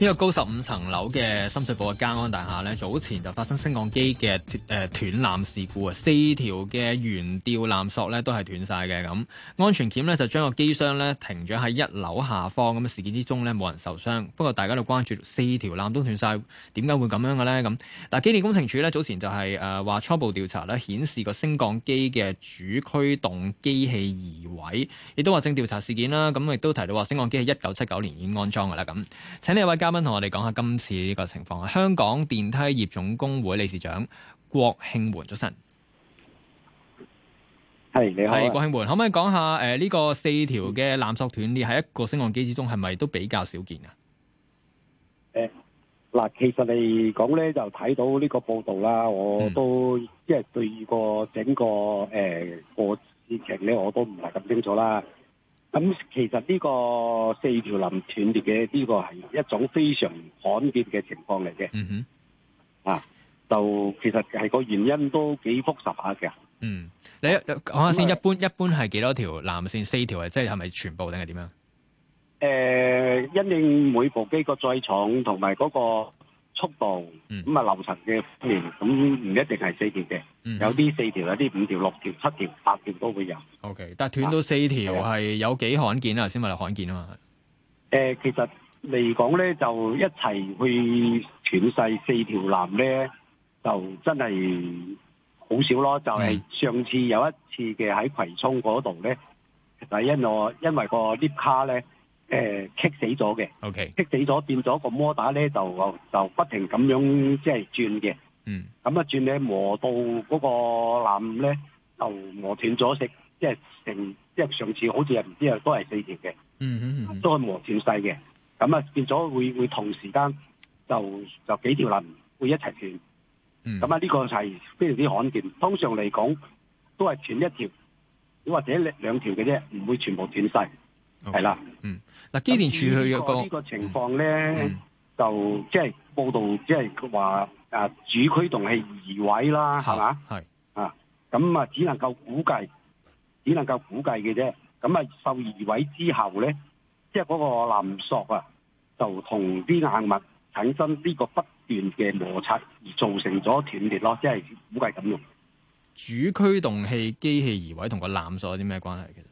呢個高十五層樓嘅深水埗嘅嘉安大廈呢早前就發生升降機嘅誒斷纜事故啊。四條嘅原吊纜索呢都係斷晒嘅咁，安全鉗呢就將個機箱呢停咗喺一樓下方咁。事件之中呢冇人受傷，不過大家都關注四條纜都斷晒，點解會咁樣嘅呢？咁嗱，機電工程署呢，早前就係誒話初步調查呢顯示個升降機嘅主驅動機器移位，亦都話正調查事件啦。咁亦都提到話升降機喺一九七九年已經安裝嘅啦。咁，請你位教啱啱同我哋講下今次呢個情況啊，香港電梯業總工會理事長郭慶桓，早晨，係你好，啊，係郭慶桓，可唔可以講下誒呢，呃這個四條嘅纜索斷裂喺一個升降機之中，係咪都比較少見啊？誒，嗯，嗱，其實你講咧，就睇到呢個報道啦，我都即係對個整個誒個事情咧，我都唔係咁清楚啦。咁、嗯、其實呢個四條纜斷裂嘅呢個係一種非常罕見嘅情況嚟嘅，嗯哼啊，就其實係個原因都幾複雜下嘅。嗯，你講下先為，一般一般係幾多條纜線？四條啊，即係係咪全部定係點樣？誒、呃，因應每部機個載重同埋嗰個。速度，咁啊流程嘅方面咁唔一定係四條嘅，有啲四條，有啲五條，六條，七條，八條都會有。Okay，但斷到四條係有幾罕見啊？先咪嚟罕見啊嘛。誒、呃，其實嚟講咧，就一齊去斷曬四條纜咧，就真係好少咯。就係、是、上次有一次嘅喺葵涌嗰度咧，但因我因為，我因為個 lift 卡咧。誒棘、呃、死咗嘅，OK，棘死咗變咗個摩打咧，就就不停咁樣即係轉嘅。嗯、mm，咁啊轉咧磨到嗰個纜咧就磨斷咗成，即係成即係上次好似係唔知係都係四條嘅。嗯嗯、mm hmm. 都係磨斷曬嘅。咁啊變咗會會同時間就就幾條纜會一齊斷。嗯、mm，咁啊呢個係非常之罕見。通常嚟講都係斷一條，或者兩條嘅啫，唔會全部斷曬。係啦，嗯，嗱，機電處去嘅個呢個情況咧，就即係報道，即係話啊，主驅動器移位啦，係嘛，係啊，咁啊，只能夠估計，只能夠估計嘅啫。咁啊，受移位之後咧，即係嗰個纜索啊，就同啲硬物產生呢個不斷嘅摩擦，而造成咗斷裂咯，即係估計咁樣。主驅動器機器移位同個纜索有啲咩關係？其實？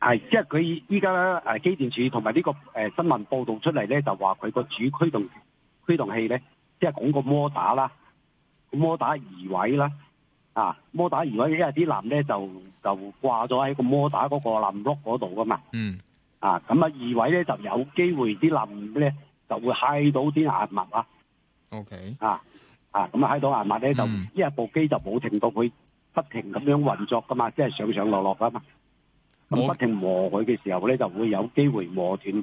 係，即係佢依家咧，誒，機電署同埋呢個誒新聞報道出嚟咧，就話佢個主驅動驅動器咧，即係講個摩打啦，摩打移位啦，啊，摩打移位，因為啲纜咧就就掛咗喺個摩打嗰個纜轆嗰度噶嘛，嗯，啊，咁啊，移位咧就有機會啲纜咧就會揩到啲硬物啊，OK，啊啊，咁啊揩到硬物咧就，因為部機就冇停到佢，不停咁樣運作噶嘛，即係上上落落噶嘛。咁不停磨佢嘅時候咧，就會有機會磨斷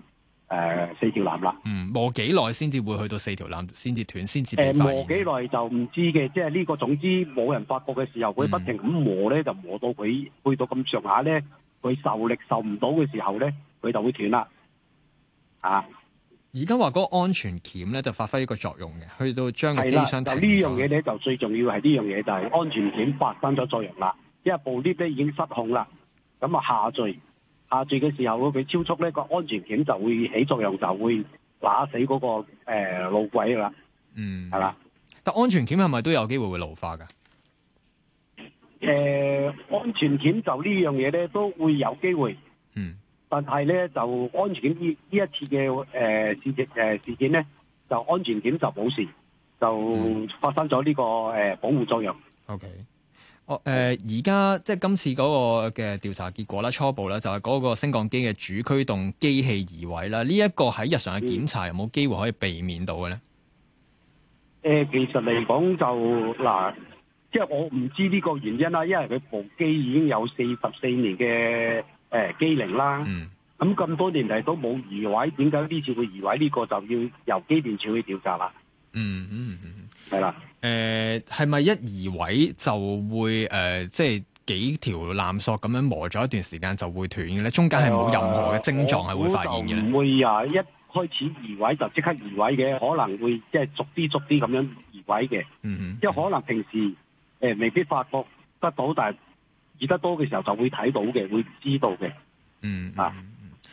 誒四條纜啦。嗯，磨幾耐先至會去到四條纜先至斷，先至誒磨幾耐就唔知嘅，即係呢、這個總之冇人發覺嘅時候，佢不停咁磨咧，嗯、就磨到佢去到咁上下咧，佢受力受唔到嘅時候咧，佢就會斷啦。啊！而家話嗰個安全鉗咧就發揮一個作用嘅，去到將、就是、個機箱停咗。係啦，就呢樣嘢咧就最重要係呢樣嘢，就係、是、安全鉗發生咗作用啦，因為部 lift 咧已經失控啦。咁啊，下墜下墜嘅時候，佢超速咧，個安全鉗就會起作用，就會打死嗰、那個誒、呃、路軌啦。嗯，係嘛吧？但安全鉗係咪都有機會會老化噶？誒、呃，安全鉗就這東西呢樣嘢咧，都會有機會。嗯。但係咧，就安全鉗呢呢一次嘅誒、呃事，呃、事件誒事件咧，就安全鉗就冇事，就發生咗呢、這個誒、呃、保護作用。O K、嗯。Okay. 哦，誒而家即係今次嗰個嘅調查結果啦，初步啦就係嗰個升降機嘅主驅動機器移位啦。呢一個喺日常嘅檢查有冇機會可以避免到嘅咧？誒，其實嚟講就嗱，即係我唔知呢個原因啦，因為佢部機已經有四十四年嘅誒機齡啦。嗯。咁咁多年嚟都冇移位，點解呢次會移位？呢個就要由機電署去調查啦。嗯嗯嗯，係啦。誒係咪一移位就會誒、呃、即係幾條纜索咁樣磨咗一段時間就會斷嘅咧？中間係冇任何嘅症狀係會發現嘅。唔、嗯、會啊，一開始移位就即刻移位嘅，可能會即係逐啲逐啲咁樣移位嘅、嗯。嗯哼，即係可能平時誒未必發覺得到，但係移得多嘅時候就會睇到嘅，會知道嘅、嗯。嗯啊。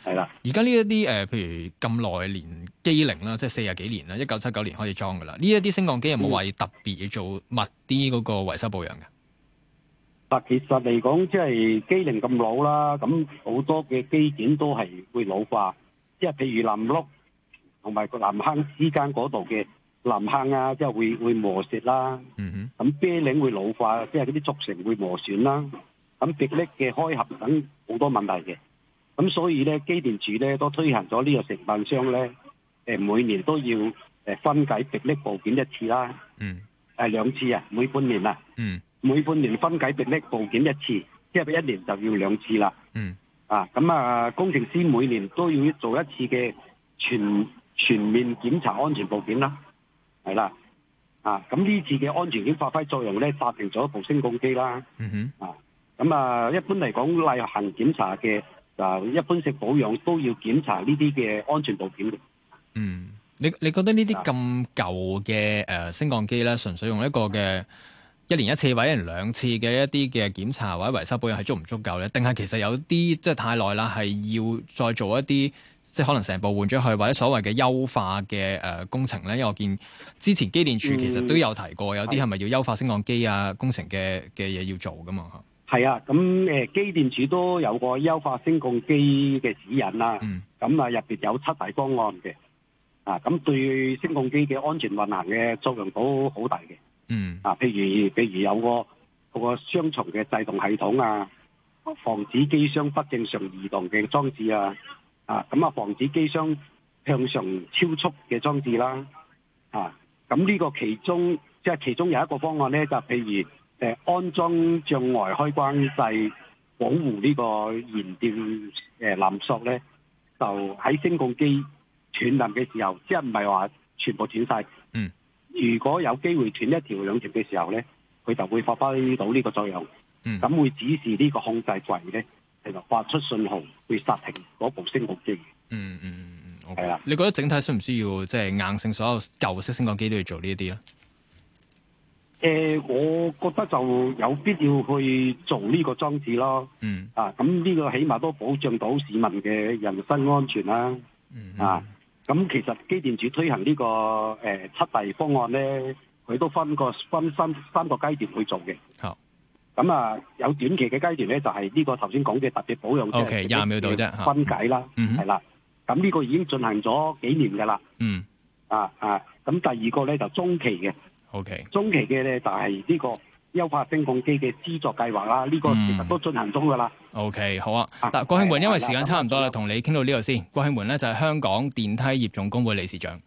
係啦，而家呢一啲誒，譬如咁耐年機齡啦，即係四十幾年啦，一九七九年開始裝噶啦。呢一啲升降機有冇話特別要做密啲嗰個維修保養嘅？嗱、嗯，其實嚟講，即係機齡咁老啦，咁好多嘅機件都係會老化。即係譬如纜轆同埋個纜坑之間嗰度嘅纜坑啊，即係會會磨蝕啦。嗯哼，咁啤令會老化，即係嗰啲軸承會磨損啦。咁碟力嘅開合等好多問題嘅。咁所以咧，機電署咧都推行咗呢個承辦商咧，每年都要分解迫力部件一次啦。嗯、呃。兩次啊，每半年啊。嗯。每半年分解迫力部件一次，即係一年就要兩次啦。嗯。啊，咁啊，工程師每年都要做一次嘅全全面檢查安全部件啦。係啦。啊，咁呢次嘅安全件發揮作用咧，發明咗部升降機啦。嗯哼。啊，咁啊，一般嚟講，例行檢查嘅。一般性保養都要檢查呢啲嘅安全部件。嗯，你你覺得呢啲咁舊嘅誒升降機咧，純粹用一個嘅一年一次或者一年兩次嘅一啲嘅檢查或者維修保養係足唔足夠咧？定係其實有啲即係太耐啦，係要再做一啲即係可能成部換咗去，或者所謂嘅優化嘅誒、呃、工程咧？因為我見之前機電署其實都有提過，有啲係咪要優化升降機啊、嗯、工程嘅嘅嘢要做㗎嘛？係啊，咁誒機電署都有個優化升降機嘅指引啦。咁啊，入邊有七大方案嘅，啊，咁對升降機嘅安全運行嘅作用都好大嘅。嗯，啊，譬如譬如有個嗰個雙重嘅制動系統啊，防止機箱不正常移動嘅裝置啊，啊，咁啊防止機箱向上超速嘅裝置啦。啊，咁呢個其中即係、就是、其中有一個方案咧，就譬如，誒、呃、安裝障礙開關掣，保護呢個燃電誒纜索咧，就喺升降機斷纜嘅時候，即係唔係話全部斷晒。嗯，如果有機會斷一條兩條嘅時候咧，佢就會發揮到呢個作用。嗯，咁會指示呢個控制櫃咧，係咪發出信號會煞停嗰部升降機？嗯嗯嗯嗯，係、嗯、啦。Okay. 了你覺得整體需唔需要即係、就是、硬性所有舊式升降機都要做這些呢一啲咧？誒、呃，我覺得就有必要去做呢個裝置咯。嗯，啊，咁、這、呢個起碼都保障到市民嘅人身安全啦。嗯，啊，咁、嗯哼啊、其實機電署推行呢、這個誒、呃、七大方案咧，佢都分個分三三個階段去做嘅。好，咁啊有短期嘅階段咧，就係、是、呢個頭先講嘅特別保養嘅分解啦、嗯哼。嗯，係啦。咁呢個已經進行咗幾年噶啦、嗯啊啊。嗯，啊啊，咁第二個咧就中期嘅。O Okay . K，中期嘅咧就係呢個優化升降機嘅資助計劃啦，呢、這個其實都進行中噶啦。嗯、o、okay, K，好啊，嗱、啊，郭慶桓，因為時間差唔多啦，同、啊、你傾到呢度先。郭慶桓咧就係香港電梯業總工會理事長。